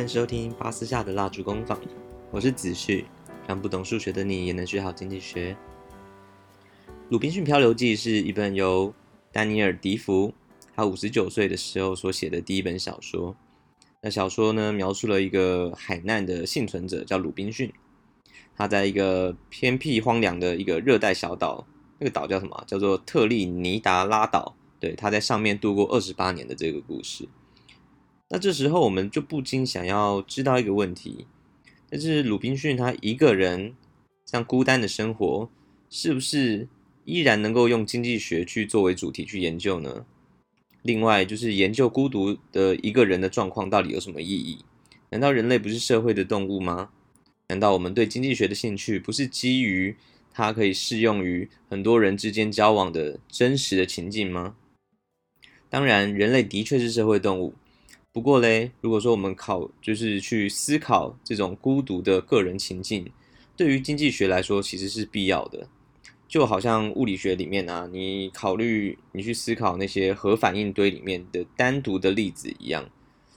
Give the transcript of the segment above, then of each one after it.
歡迎收聽巴斯夏的蠟燭工坊，我是子旭，讓不懂數學的你也能學好經濟學。《魯濱遜漂流記》是一本由丹尼爾笛福他五十九歲的時候所寫的第一本小說。那小說呢，描述了一個海難的幸存者叫魯濱遜，他在一個偏僻荒涼的一個熱帶小島，那個島叫什麼？叫做特立尼達拉島。對，他在上面度過二十八年的這個故事。那這時候我們就不禁想要知道一個問題，那就是魯濱遜他一個人這樣孤單的生活，是不是依然能夠用經濟學去作為主題去研究呢？另外就是研究孤獨的一個人的狀況到底有什麼意義？難道人類不是社會的動物嗎？難道我們對經濟學的興趣不是基於它可以適用於很多人之間交往的真實的情境嗎？當然，人類的確是社會動物。不過嘞，如果說我們考，就是去思考這種孤獨的個人情境，對於經濟學來說其實是必要的。就好像物理學裡面啊，你考慮你去思考那些核反應堆裡面的單獨的粒子一樣。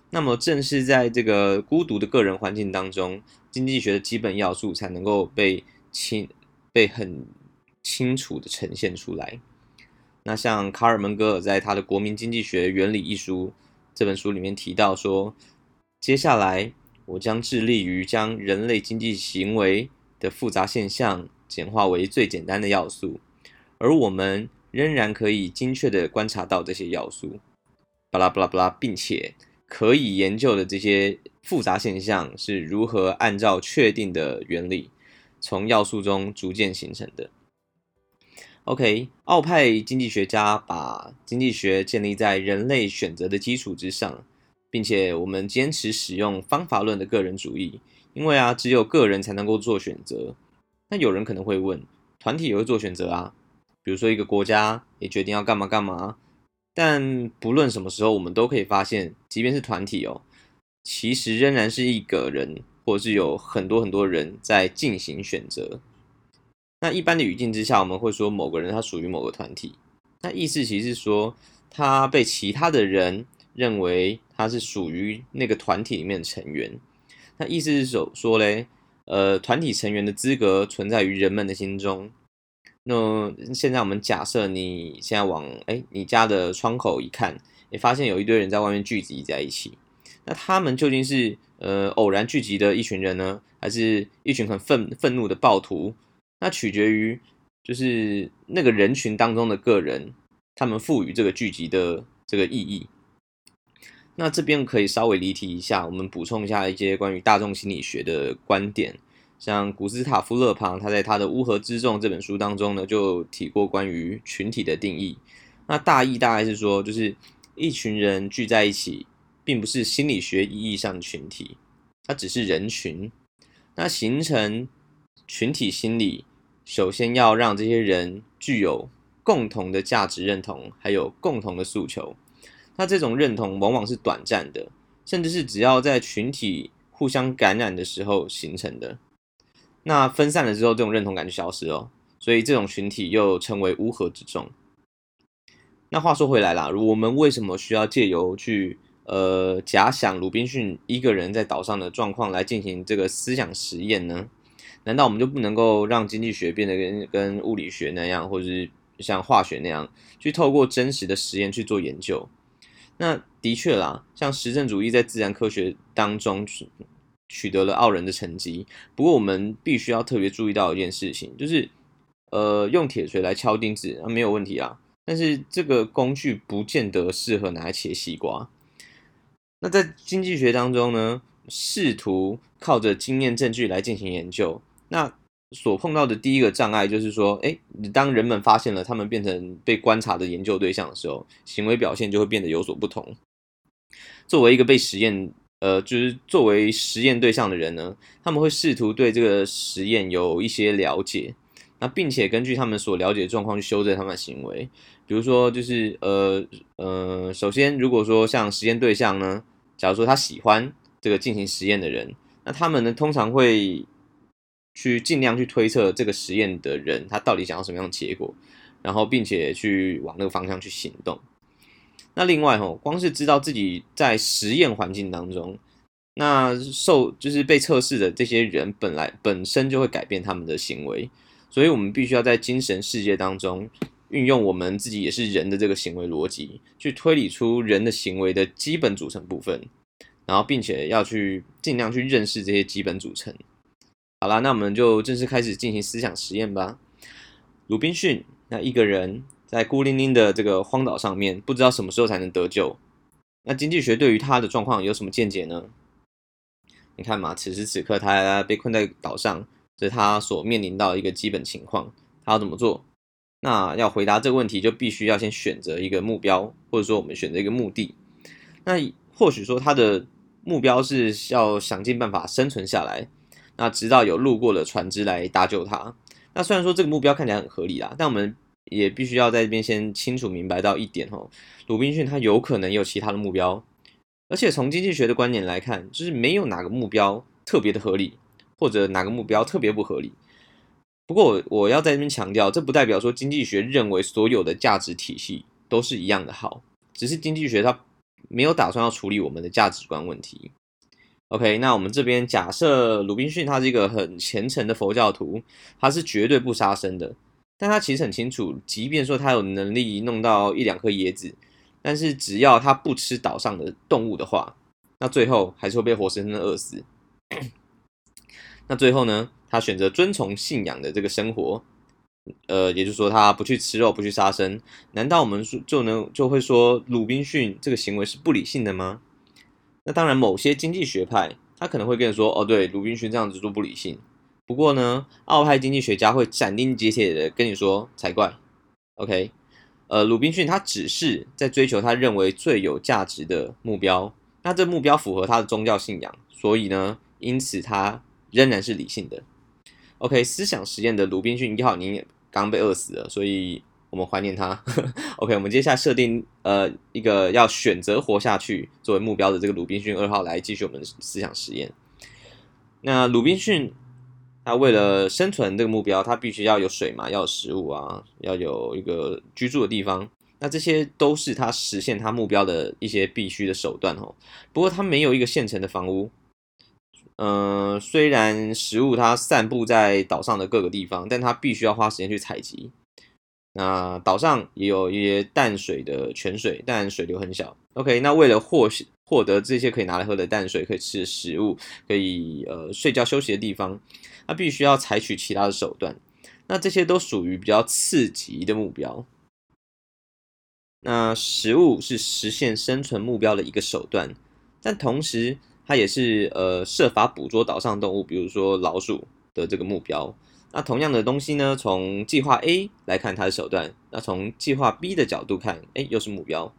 那麼正是在這個孤獨的個人環境當中，經濟學的基本要素才能夠被清、被很清楚地呈現出來。那像卡爾·門格爾在他的《國民經濟學原理》一書。這本書裡面提到說，接下來我將致力於將人類經濟行為的複雜現象簡化為最簡單的要素，而我們仍然可以精確地觀察到這些要素，巴拉巴拉巴拉，並且可以研究的這些複雜現象是如何按照確定的原理從要素中逐漸形成的。O.K. 奧派經濟學家把經濟學建立在人類選擇的基礎之上，並且我們堅持使用方法論的個人主義，因為啊，只有個人才能夠做選擇。那有人可能會問，團體也會做選擇啊，比如說一個國家也決定要幹嘛幹嘛。但不論什麼時候，我們都可以發現，即便是團體哦，其實仍然是一個人，或者是有很多很多人在進行選擇。那一般的語境之下，我們會說某個人他屬於某個團體，那意思其實是說他被其他的人認為他是屬於那個團體裡面的成員。那意思是說說嘞，呃，團體成員的資格存在於人們的心中。那現在我們假設你現在往哎你家的窗口一看，你發現有一堆人在外面聚集在一起，那他們究竟是呃偶然聚集的一群人呢，還是一群很憤憤怒的暴徒？那取決於，就是那個人群當中的個人，他們賦予這個聚集的這個意義。那這邊可以稍微離題一下，我們補充一下一些關於大眾心理學的觀點。像古斯塔夫勒龐他在他的《烏合之眾》這本書當中呢，就提過關於群體的定義。那大意大概是說，就是一群人聚在一起，並不是心理學意義上的群體，它只是人群。那形成群體心理，首先要讓這些人具有共同的價值認同，還有共同的訴求。那這種認同往往是短暫的，甚至是只要在群體互相感染的時候形成的。那分散了之後，這種認同感就消失哦，所以這種群體又稱為烏合之眾。那話說回來啦，我們為什麼需要借由去呃假想魯濱遜一個人在島上的狀況來進行這個思想實驗呢？難道我們就不能夠讓經濟學變得跟跟物理學那樣，或者是像化學那樣，去透過真實的實驗去做研究？那的確啦，像實證主義在自然科學當中取得了傲人的成績。不過，我們必須要特別注意到一件事情，就是呃，用鐵錘來敲釘子啊，沒有問題啦，但是這個工具不見得適合拿來切西瓜。那在經濟學當中呢，試圖靠着經驗證據來進行研究。那所碰到的第一個障礙就是說，哎，你，當人們發現了他們變成被觀察的研究對象的時候，行為表現就會變得有所不同。作為一個被實驗，呃，就是作為實驗對象的人呢，他們會試圖對這個實驗有一些了解，那並且根據他們所了解的狀況去修正他們的行為。比如說，就是呃呃，首先，如果說像實驗對象呢，假如說他喜歡這個進行實驗的人，那他們呢通常會。去盡量去推測這個實驗的人，他到底想要什麼樣的結果，然後並且去往那個方向去行動。那另外哈、哦，光是知道自己在實驗環境當中，那受就是被測試的這些人本來本身就會改變他們的行為，所以我們必須要在精神世界當中運用我們自己也是人的這個行為邏輯，去推理出人的行為的基本組成部分，然後並且要去盡量去認識這些基本組成。好啦，那我們就正式開始進行思想實驗吧。魯濱遜那一個人在孤零零的這個荒島上面，不知道什麼時候才能得救。那經濟學對於他的狀況有什麼見解呢？你看嘛，此時此刻他被困在島上，這是他所面臨到一個基本情況。他要怎麼做？那要回答這個問題，就必須要先選擇一個目標，或者說我們選擇一個目的。那或許說他的目標是要想盡辦法生存下來。那直到有路過的船隻來搭救他。那雖然說這個目標看起來很合理啦，但我們也必須要在這邊先清楚明白到一點哦，魯濱遜他有可能也有其他的目標。而且從經濟學的觀點來看，就是沒有哪個目標特別的合理，或者哪個目標特別不合理。不過我我要在這邊強調，這不代表說經濟學認為所有的價值體系都是一樣的好，只是經濟學它沒有打算要處理我們的價值觀問題。OK，那我們這邊假設魯濱遜他是一個很虔誠的佛教徒，他是絕對不殺生的。但他其實很清楚，即便說他有能力弄到一兩顆椰子，但是只要他不吃島上的動物的話，那最後還是會被活生生的餓死。 那最後呢，他選擇遵從信仰的這個生活，呃，也就是說他不去吃肉，不去殺生。難道我們說就能就會說魯濱遜這個行為是不理性的嗎？那當然，某些經濟學派他可能會跟你說，哦，對，魯濱遜這樣子做不理性。不過呢，奧派經濟學家會斬釘截鐵的跟你說才怪。OK，呃，魯濱遜他只是在追求他認為最有價值的目標，那這目標符合他的宗教信仰，所以呢，因此他仍然是理性的。OK，思想實驗的魯濱遜一號，您剛被餓死了，所以。我們懷念他。 OK，我們接下來設定呃一個要選擇活下去作為目標的這個魯濱遜二號來繼續我們的思想實驗。那魯濱遜，他為了生存這個目標，他必須要有水嘛，要有食物啊，要有一個居住的地方。那這些都是他實現他目標的一些必須的手段哦。不過他沒有一個現成的房屋。嗯、呃，雖然食物它散布在島上的各個地方，但他必須要花時間去採集。那島上也有一些淡水的泉水，但水流很小。OK，那為了獲獲得這些可以拿來喝的淡水、可以吃的食物、可以呃睡覺休息的地方，那必須要採取其他的手段。那這些都屬於比較次級的目標。那食物是實現生存目標的一個手段，但同時它也是呃設法捕捉島上動物，比如說老鼠的這個目標。那同樣的東西呢？從計劃 A 來看，它的手段；那從計劃 B 的角度看，哎，又是目標。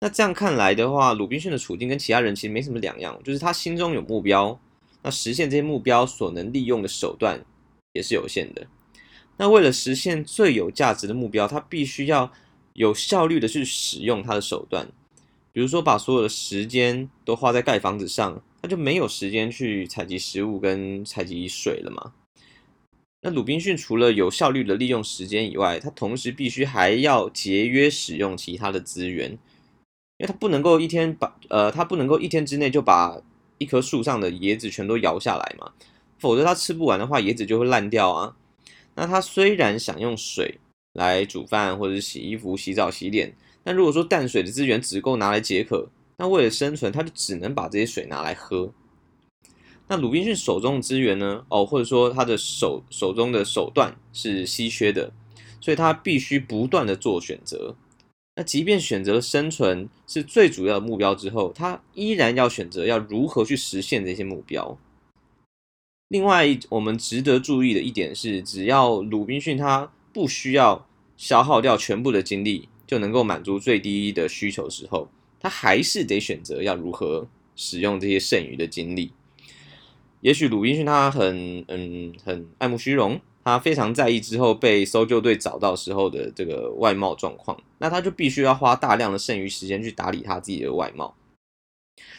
那這樣看來的話，魯濱遜的處境跟其他人其實沒什麼兩樣，就是他心中有目標，那實現這些目標所能利用的手段也是有限的。那為了實現最有價值的目標，他必須要有效率的去使用他的手段。比如說，把所有的時間都花在蓋房子上，他就沒有時間去採集食物跟採集水了嘛。那魯濱遜除了有效率的利用時間以外，他同時必須還要節約使用其他的資源，因為他不能夠一天把，呃，他不能夠一天之內就把一棵樹上的椰子全都搖下來嘛，否則他吃不完的話，椰子就會爛掉啊。那他雖然想用水來煮飯或者洗衣服、洗澡、洗臉，但如果說淡水的資源只夠拿來解渴，那為了生存，他就只能把這些水拿來喝。那魯濱遜手中的資源呢？哦，或者說他的手手中的手段是稀缺的，所以他必須不斷地做選擇。那即便選擇了生存是最主要的目標之後，他依然要選擇要如何去實現這些目標。另外，我們值得注意的一點是，只要魯濱遜他不需要消耗掉全部的精力就能夠滿足最低的需求的時候，他還是得選擇要如何使用這些剩餘的精力。也許魯濱遜他很嗯很愛慕虛榮，他非常在意之後被搜救隊找到時候的這個外貌狀況，那他就必須要花大量的剩餘時間去打理他自己的外貌。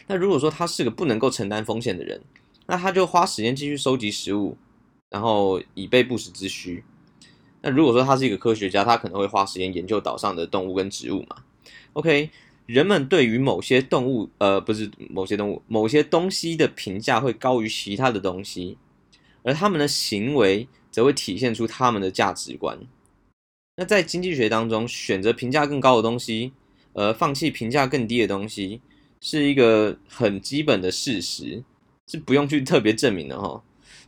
那如果說他是個不能夠承擔風險的人，那他就花時間繼續收集食物，然後以備不時之需。那如果說他是一個科學家，他可能會花時間研究島上的動物跟植物嘛。OK。人們對於某些動物，呃，不是某些動物，某些東西的評價會高於其他的東西，而他們的行為則會體現出他們的價值觀。那在經濟學當中，選擇評價更高的東西，呃，放棄評價更低的東西，是一個很基本的事實，是不用去特別證明的哈。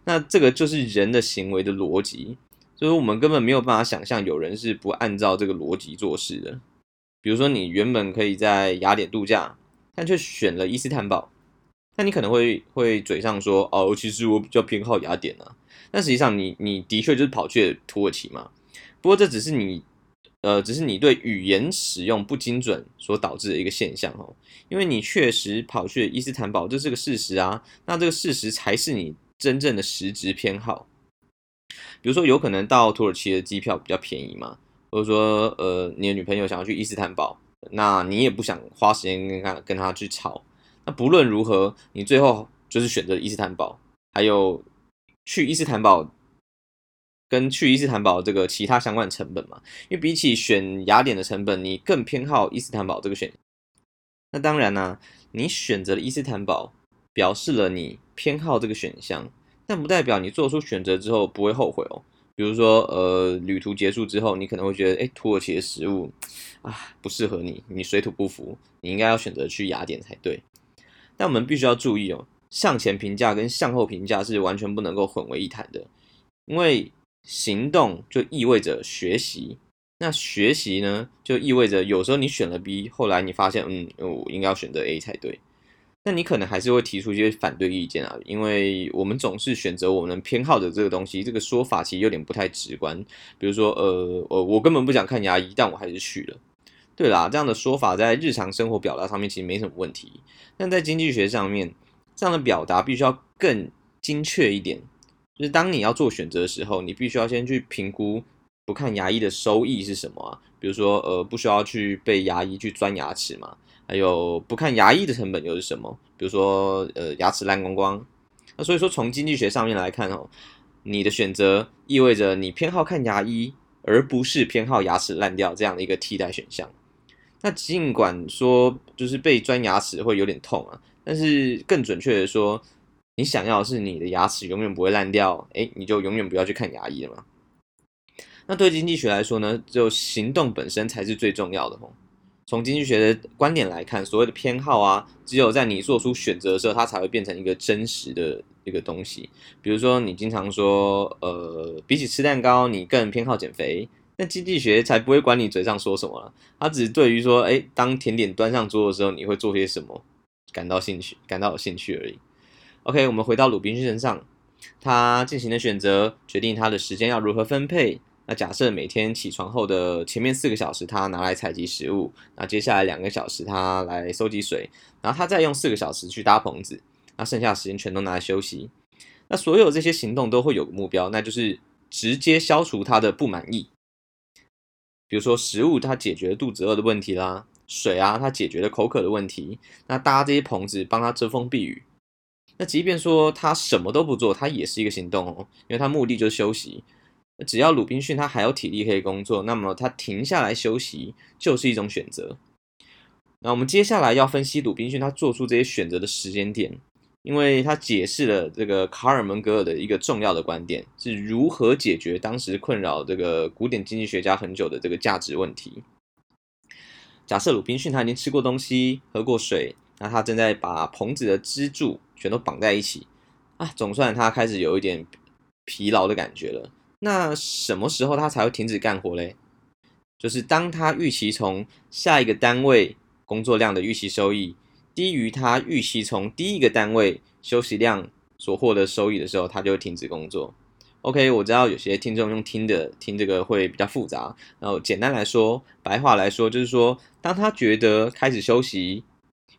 那這個就是人的行為的邏輯，所以我們根本沒有辦法想象有人是不按照這個邏輯做事的。比如說，你原本可以在雅典度假，但卻選了伊斯坦堡，那你可能會會嘴上說哦，其實我比較偏好雅典啊，但實際上你你的確就是跑去土耳其嘛。不過這只是你呃，只是你對語言使用不精準所導致的一個現象哦，因為你確實跑去伊斯坦堡，這是個事實啊。那這個事實才是你真正的實質偏好。比如說，有可能到土耳其的機票比較便宜嘛？或者說，呃，你的女朋友想要去伊斯坦堡，那你也不想花時間跟她跟她去吵。那不論如何，你最後就是選擇伊斯坦堡，還有去伊斯坦堡跟去伊斯坦堡這個其他相關成本嘛。因為比起選雅典的成本，你更偏好伊斯坦堡這個選。那當然呢、啊，你選擇了伊斯坦堡，表示了你偏好這個選項，但不代表你做出選擇之後不會後悔哦。比如說，呃，旅途結束之後，你可能會覺得，哎，土耳其的食物啊不適合你，你水土不服，你應該要選擇去雅典才對。但我們必須要注意哦，向前評價跟向後評價是完全不能夠混為一談的，因為行動就意味着學習，那學習呢就意味着有時候你選了 B，後來你發現，嗯，我，哦，應該要選擇 A 才對。那你可能還是會提出一些反對意見啊，因為我們總是選擇我們偏好的這個東西。這個說法其實有點不太直觀。比如說，呃，我、呃、我根本不想看牙醫，但我還是去了。對啦，這樣的說法在日常生活表達上面其實沒什麼問題。但在經濟學上面，這樣的表達必須要更精確一點。就是當你要做選擇的時候，你必須要先去評估不看牙醫的收益是什麼啊。比如說，呃，不需要去被牙醫去鑽牙齒嘛。還有不看牙醫的成本又是什麼？比如說，呃，牙齒爛光光。那所以說，從經濟學上面來看哦，你的選擇意味着你偏好看牙醫，而不是偏好牙齒爛掉這樣的一個替代選項。那儘管說，就是被鑽牙齒會有點痛啊，但是更準確的說，你想要的是你的牙齒永遠不會爛掉，哎，你就永遠不要去看牙醫了嘛。那對經濟學來說呢，只有行動本身才是最重要的哦。從經濟學的觀點來看，所謂的偏好啊，只有在你做出選擇的時候，它才會變成一個真實的一個東西。比如說，你經常說，呃，比起吃蛋糕，你更偏好減肥。那經濟學才不會管你嘴上說什麼了，它只是對於說，哎，當甜點端上桌的時候，你會做些什麼，感到興趣，感到有興趣而已。OK，我們回到魯濱遜身上，他進行的選擇，決定他的時間要如何分配。那假設每天起床後的前面四個小時，他拿來採集食物；那接下來兩個小時，他來收集水；然後他再用四個小時去搭棚子；那剩下的時間全都拿來休息。那所有這些行動都會有個目標，那就是直接消除他的不滿意。比如說，食物它解決了肚子餓的問題啦，水啊，它解決了口渴的問題。那搭這些棚子，幫他遮風避雨。那即便說他什麼都不做，他也是一個行動哦，因為他目的就是休息。只要魯濱遜他還有體力可以工作，那麼他停下來休息就是一種選擇。那我們接下來要分析魯濱遜他做出這些選擇的時間點，因為他解釋了這個卡爾門格爾的一個重要的觀點，是如何解決當時困擾這個古典經濟學家很久的這個價值問題。假設魯濱遜他已經吃過東西、喝過水，那他正在把棚子的支柱全都綁在一起。啊，總算他開始有一點疲勞的感覺了。那什麼時候他才會停止幹活嘞？就是當他預期從下一個單位工作量的預期收益低於他預期從第一個單位休息量所獲得收益的時候，他就會停止工作。OK，我知道有些聽眾用聽的聽這個會比較複雜，然後簡單來說，白話來說就是說，當他覺得開始休息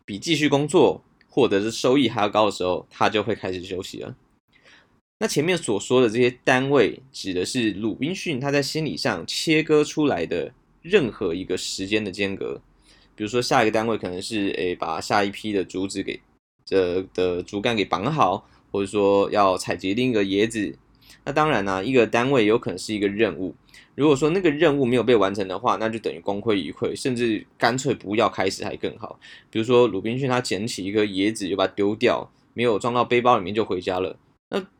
比繼續工作獲得的收益還要高的時候，他就會開始休息了。那前面所說的這些單位，指的是魯濱遜他在心理上切割出來的任何一個時間的間隔。比如說，下一個單位可能是誒、欸、把下一批的竹子給這的竹竿給綁好，或者說要採集另一個椰子。那當然啦、啊，一個單位有可能是一個任務。如果說那個任務沒有被完成的話，那就等於功虧一簣，甚至乾脆不要開始還更好。比如說，魯濱遜他撿起一個椰子就把它丟掉，沒有裝到背包裡面就回家了。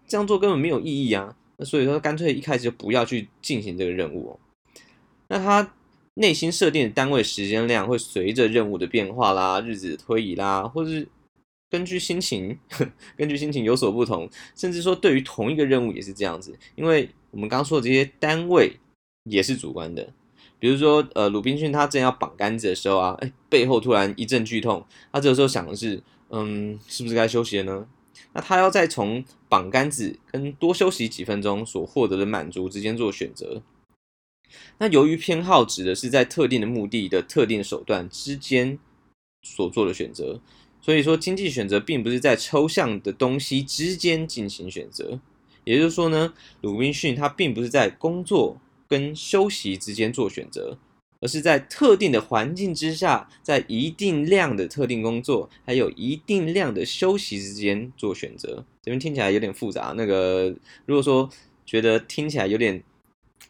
這樣做根本沒有意義啊！那所以說，乾脆一開始就不要去進行這個任務哦。那他內心設定的單位時間量會隨着任務的變化啦、日子的推移啦，或是根據心情、呵，根據心情有所不同。甚至說，對於同一個任務也是這樣子，因為我們剛剛說的這些單位也是主觀的。比如說，呃，魯濱遜他正要綁桿子的時候啊，哎，背後突然一陣劇痛，他這個時候想的是：嗯，是不是該休息了呢？那他要在從綁桿子跟多休息幾分鐘所獲得的滿足之間做選擇。那由於偏好指的是在特定的目的的特定的手段之間所做的選擇，所以說經濟選擇並不是在抽象的東西之間進行選擇。也就是說呢，魯濱遜他並不是在工作跟休息之間做選擇。而是在特定的環境之下，在一定量的特定工作還有一定量的休息之間做選擇。這邊聽起來有點複雜，那個如果說覺得聽起來有點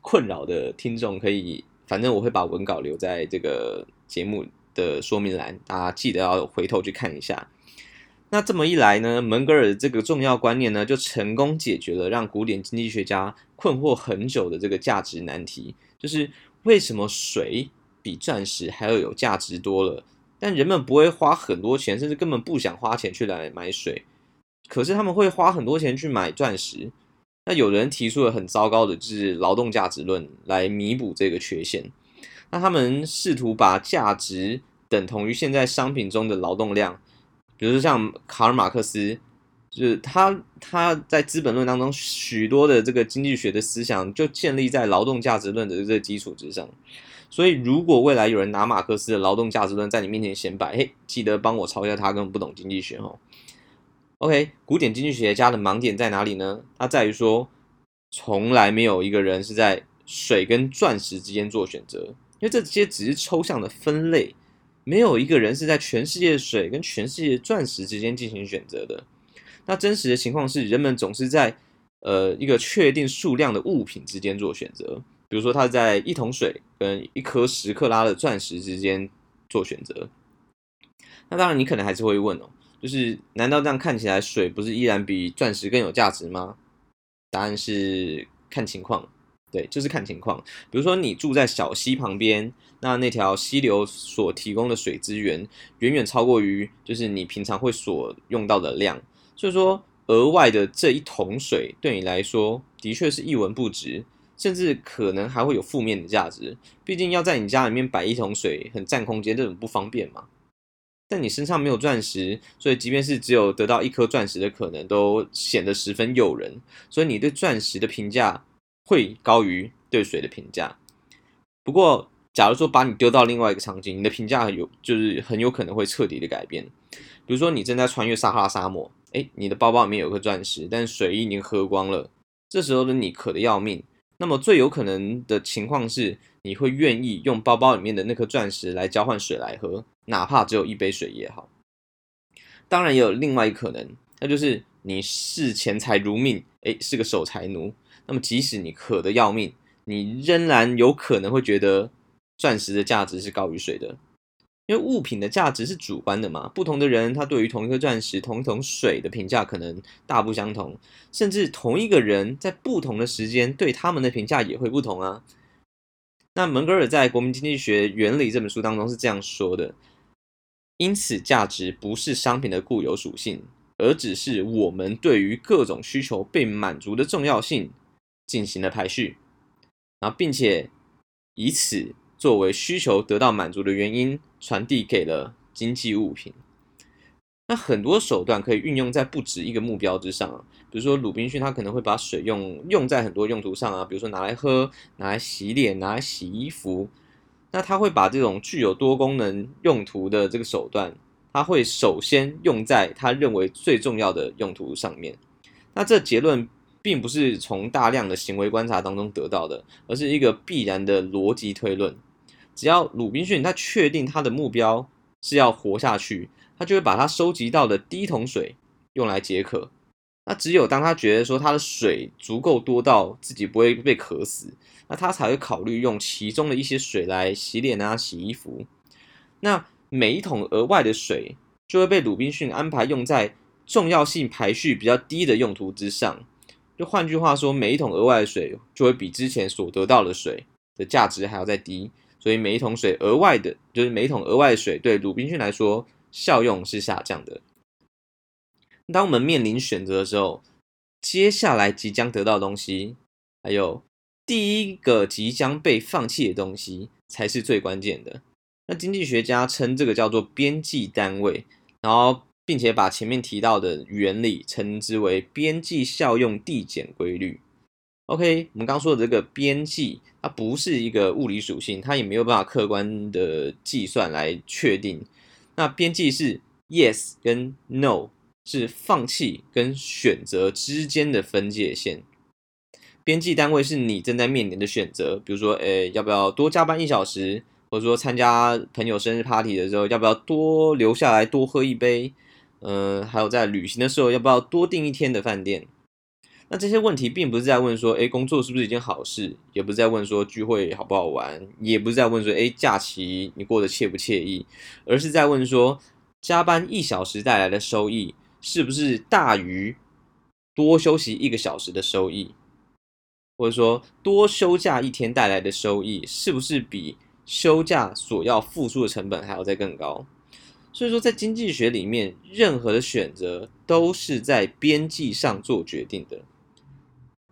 困擾的聽眾，可以，反正我會把文稿留在這個節目的說明欄，大家記得要回頭去看一下。那這麼一來呢，門格爾這個重要觀念呢，就成功解決了讓古典經濟學家困惑很久的這個價值難題，就是。為什麼水比鑽石還要有價值多了？但人們不會花很多錢，甚至根本不想花錢去來買水。可是他們會花很多錢去買鑽石。那有人提出了很糟糕的，就是勞動價值論來彌補這個缺陷。那他們試圖把價值等同於現在商品中的勞動量，比如說像卡爾馬克思。就是他，他在《資本論》當中，許多的這個經濟學的思想就建立在勞動價值論的這個基礎之上。所以，如果未來有人拿馬克思的勞動價值論在你面前顯擺，嘿，記得幫我嘲笑他，根本不懂經濟學。哈，OK，古典經濟學家的盲點在哪裡呢？它在於說，從來沒有一個人是在水跟鑽石之間做選擇，因為這些只是抽象的分類，沒有一個人是在全世界的水跟全世界鑽石之間進行選擇的。那真實的情況是，人們總是在，呃，一個確定數量的物品之間做選擇。比如說，他在一桶水跟一顆十克拉的鑽石之間做選擇。那當然，你可能還是會問哦，就是難道這樣看起來，水不是依然比鑽石更有價值嗎？答案是看情況，對，就是看情況。比如說，你住在小溪旁邊，那那條溪流所提供的水資源遠遠超過於，就是你平常會所用到的量。就是說，額外的這一桶水對你來說的確是一文不值，甚至可能還會有負面的價值。畢竟要在你家裡面擺一桶水，很佔空間，這種不方便嘛。但你身上沒有鑽石，所以即便是只有得到一顆鑽石的可能，都顯得十分誘人。所以你對鑽石的評價會高於對水的評價。不過，假如說把你丟到另外一個場景，你的評價有就是很有可能會徹底的改變。比如說，你正在穿越撒哈拉沙漠。哎，你的包包裡面有顆鑽石，但水已經喝光了。這時候的你渴得要命，那麼最有可能的情況是，你會願意用包包裡面的那顆鑽石來交換水來喝，哪怕只有一杯水也好。當然，也有另外一可能，那就是你視錢財如命，哎，是個守財奴。那麼即使你渴得要命，你仍然有可能會覺得鑽石的價值是高於水的。因為物品的價值是主觀的嘛，不同的人他對於同一顆鑽石、同一桶水的評價可能大不相同，甚至同一個人在不同的時間對他們的評價也會不同啊。那門格爾在《國民經濟學原理》這本書當中是這樣說的：因此，價值不是商品的固有屬性，而只是我們對於各種需求被滿足的重要性進行了排序，然後並且以此。作為需求得到滿足的原因，傳遞給了經濟物品。那很多手段可以運用在不止一個目標之上啊，比如說魯濱遜，他可能會把水用用在很多用途上啊，比如說拿來喝，拿來洗臉，拿來洗衣服。那他會把這種具有多功能用途的這個手段，他會首先用在他認為最重要的用途上面。那這結論並不是從大量的行為觀察當中得到的，而是一個必然的邏輯推論。只要魯濱遜他確定他的目標是要活下去，他就會把他收集到的第一桶水用來解渴。那只有當他覺得說他的水足夠多到自己不會被渴死，那他才會考慮用其中的一些水來洗臉啊、洗衣服。那每一桶額外的水就會被魯濱遜安排用在重要性排序比較低的用途之上。就換句話說，每一桶額外的水就會比之前所得到的水的價值還要再低。所以每一桶水額外的，就是每一桶額外的水對魯濱遜來說效用是下降的。當我們面臨選擇的時候，接下來即將得到的東西，還有第一個即將被放棄的東西才是最關鍵的。那經濟學家稱這個叫做邊際單位，然後並且把前面提到的原理稱之為邊際效用遞減規律。OK，我們剛剛說的這個邊際，它不是一個物理屬性，它也沒有辦法客觀的計算來確定。那邊際是 yes 跟 no，是放棄跟選擇之間的分界線。邊際單位是你正在面臨的選擇，比如說，誒，要不要多加班一小時？或者說，參加朋友生日 party 的時候，要不要多留下來多喝一杯？嗯、呃，還有在旅行的時候，要不要多訂一天的飯店？那這些問題並不是在問說，哎、欸，工作是不是一件好事？也不是在問說聚會好不好玩？也不是在問說，哎、欸，假期你過得愜不愜意？而是在問說，加班一小時帶來的收益是不是大於多休息一個小時的收益？或者說，多休假一天帶來的收益是不是比休假所要付出的成本還要再更高？所以說，在經濟學裡面，任何的選擇都是在邊際上做決定的。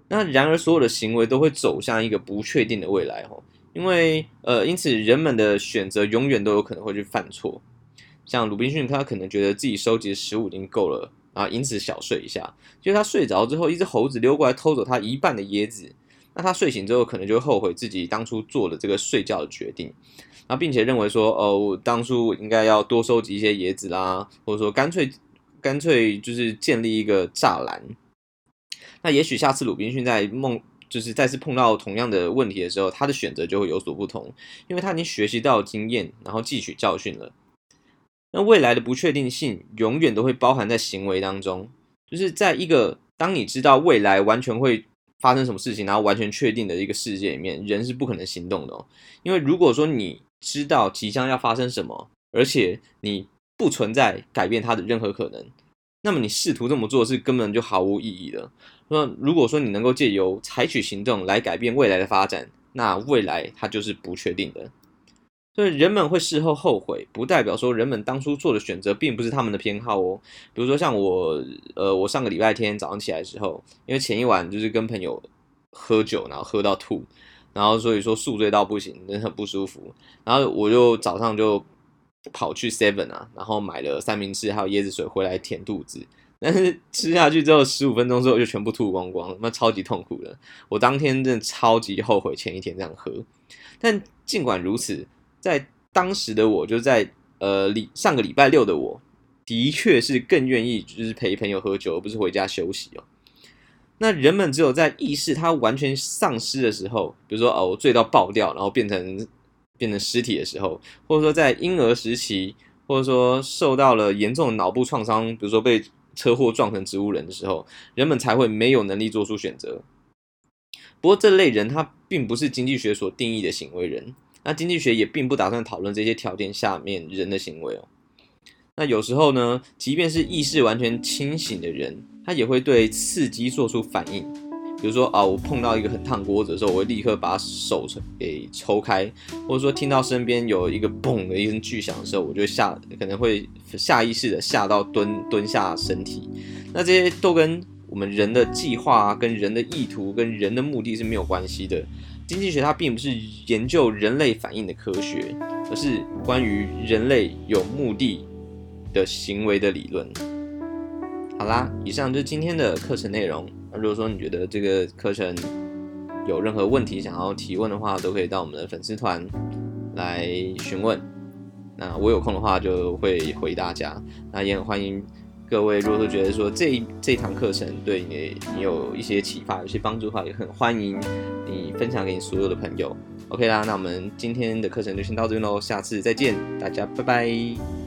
那然而，所有的行為都會走向一個不確定的未來吼，因為呃，因此人們的選擇永遠都有可能會去犯錯。像魯濱遜，他可能覺得自己收集的食物已經夠了啊，因此小睡一下。就是他睡着之後，一隻猴子溜過來偷走他一半的椰子。那他睡醒之後，可能就會後悔自己當初做了這個睡覺的決定，啊，並且認為說，哦、呃，我當初應該要多收集一些椰子啦，或者說乾脆乾脆就是建立一個柵欄。那也許下次魯濱遜在夢，就是再次碰到同樣的問題的時候，他的選擇就會有所不同，因為他已經學習到經驗，然後汲取教訓了。那未來的不確定性永遠都會包含在行為當中，就是在一個當你知道未來完全會發生什麼事情，然後完全確定的一個世界裡面，人是不可能行動的哦，因為如果說你知道即將要發生什麼，而且你不存在改變它的任何可能。那麼你試圖這麼做是根本就毫無意義的。那如果說你能夠借由採取行動來改變未來的發展，那未來它就是不確定的。所以人們會事後後悔，不代表說人們當初做的選擇並不是他們的偏好哦。比如說像我，呃，我上個禮拜天早上起來的時候，因為前一晚就是跟朋友喝酒，然後喝到吐，然後所以說宿醉到不行，人很不舒服，然後我就早上就。跑去 Seven 啊，然後買了三明治還有椰子水回來填肚子，但是吃下去之後十五分鐘之後就全部吐光光，那超級痛苦的。我當天真的超級後悔前一天這樣喝。但儘管如此，在當時的我就在呃禮上個禮拜六的，我的確是更願意就是陪朋友喝酒，而不是回家休息哦、喔。那人們只有在意識他完全喪失的時候，比如說哦我醉到爆掉，然後變成。變成屍體的時候，或者說在嬰兒時期，或者說受到了嚴重的腦部創傷，比如說被車禍撞成植物人的時候，人們才會沒有能力做出選擇。不過，這類人他並不是經濟學所定義的行為人，那經濟學也並不打算討論這些條件下面人的行為哦。那有時候呢，即便是意識完全清醒的人，他也會對刺激做出反應。比如說啊，我碰到一個很燙鍋子的時候，我會立刻把手給抽開；或者說聽到身邊有一個嘣的一聲巨響的時候，我就下可能會下意識的嚇到蹲蹲下身體。那這些都跟我們人的計劃、跟人的意圖、跟人的目的是沒有關係的。經濟學它並不是研究人類反應的科學，而是關於人類有目的的行為的理論。好啦，以上就是今天的課程內容。如果說你覺得這個課程有任何問題想要提問的話，都可以到我們的粉絲團來詢問。那我有空的話就會回大家。那也很歡迎各位，如果說覺得說這這堂課程對你你有一些啟發、有些幫助的話，也很歡迎你分享給你所有的朋友。OK 啦，那我們今天的課程就先到這邊嘍，下次再見，大家拜拜。